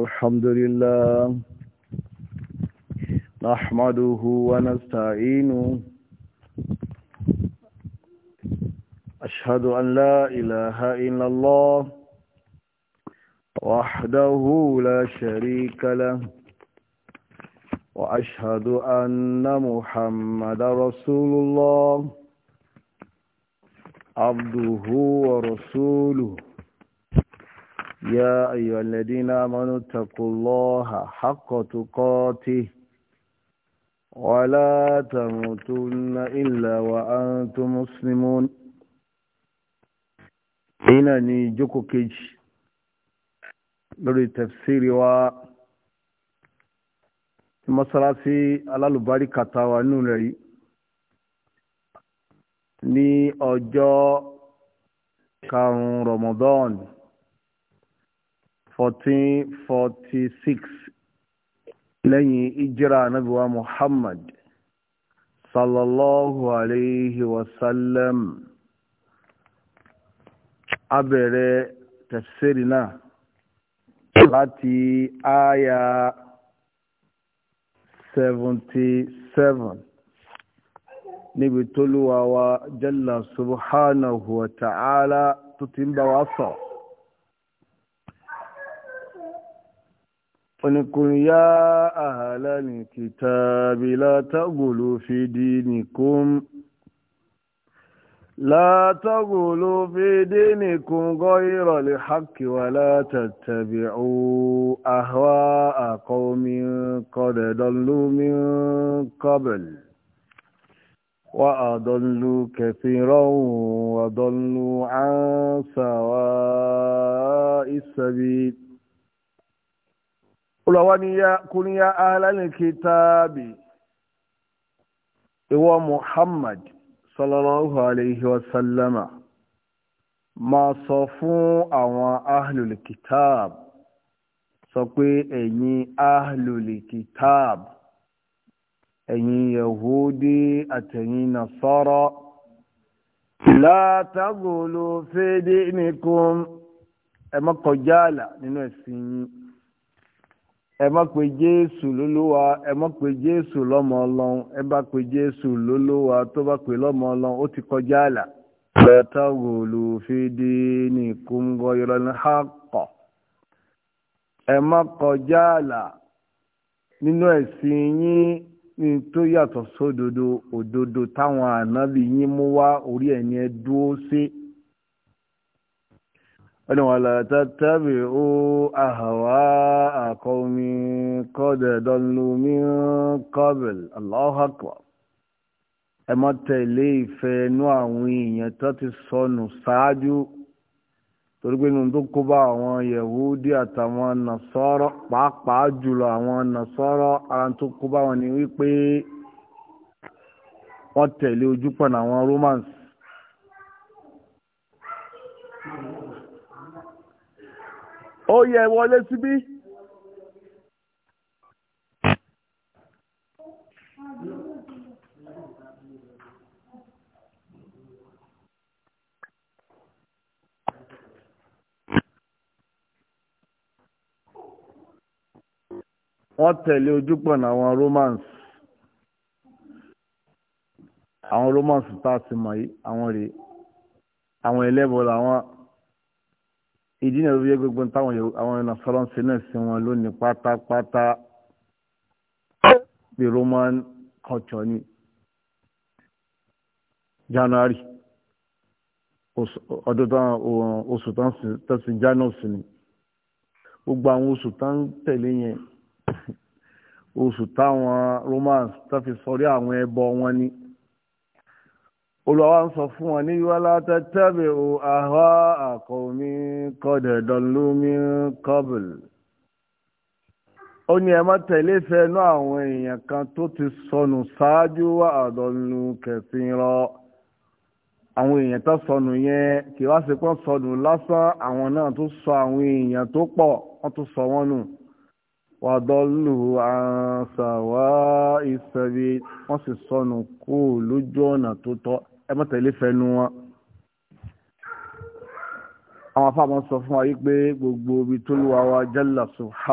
الحمد لله نحمده ونستعينه أشهد أن لا إله إلا الله وحده لا شريك له وأشهد أن محمد رسول الله عبده ورسوله يا أيها الذين آمنوا اتقوا الله حق تقاته ولا تموتن إلا وأنتم مسلمون هنا نيجوكو كيج لوري تفسير و مسراسي على البركة تاوانون ní ọjọ́ karùn-ún Ramadan 1446 lẹ́yìn ìjírà anábíwá muhammad sallallahu alayhi wa sallam a bẹ̀rẹ̀ tafsiri náà láti àyà 77 níbi tó lúwa wa jalla subhanahu wa ta'ala tó ti ń bá wa sọ̀rọ̀ onikun ya ahalani kitabi la tagulu fi dinikum لا تغلوا في دينكم غير الحق ولا تتبعوا أهواء قوم قد ضلوا من قبل وأضلوا كثيرا وضلوا عن سواء السبيل olùwà ni ya kuni ya ahlal kitabi ìwọ muhammad sallallahu alayhi wa sallama máa sọ fún àwọn ahlul kitab sọ pé ẹ̀yin ahlul kitab ẹ̀yin yahudi àtẹ̀yin nasara látàgòlò fèdè nìkan ẹ nínú ẹ̀sìn yín ẹ má pe jésù lólúwa ẹ jésù lọ́mọ ọlọ́run ẹ kọjá àlà. ní yọrọ ní kọ ẹ kọjá àlà nínú ẹ̀sìn yín ní tó yàtọ̀ sódodo òdodo táwọn ànábì yín mú wá orí dúró ẹni wà látà tàbí ó àhàwà àkọ́mi kọ́dẹ̀ dọ́nlómi kọ́bẹ̀l aláhàkọ́ ẹ má tẹ̀lé ìfẹ́ inú àwọn èèyàn tó ti sọnù ṣáájú torí pé nínú tó kó bá àwọn yẹ̀wúdí àtàwọn nàṣọ́rọ́ pàápàá jùlọ àwọn nàṣọ́rọ́ ara tó kó bá wọn ni wípé wọ́n tẹ̀lé ojúpọ̀nà àwọn romans ó yẹ wọlé síbí. wọ́n tẹ̀lé ojúpọ̀nà àwọn romans àwọn romans tá a ti mọ̀ yìí àwọn rèé àwọn ẹlẹ́bọ̀ làwọn ìdí náà ló yẹ gbogbo táwọn àwọn ẹ̀nà fọlọ́nsì náà sí wọn lónìí pátápátá bí roman culture ní january ọdún táwọn oṣù tó ń sin janus ni gbogbo àwọn oṣù tó tẹ̀lé yẹn oṣù táwọn romans tó fi sọrí àwọn ẹbọ wọn ni olùwàwà ń sọ fún wọn ní wala tattabi'u ahwa'a qawmin qad dallu min qabl ó ní ẹ má tẹ̀lé fẹ́nu àwọn èèyàn kan tó ti sọnù ṣáájú wa adallu kathira àwọn èèyàn tó sọnù yẹn kì wá sí pọ́n sọnù lásán àwọn náà tó sọ àwọn èèyàn tó pọ̀ wọ́n tó sọ wọ́n nù wa dallu an sawa'i sabil wọ́n sì sọnù kú lójú ọ̀nà tó tọ́ ẹ má tẹ̀lé fẹnu wọn àwọn afáàmọ́ sọ fún wa yí pé gbogbo ibi tó lù wá wa jalla subhanahu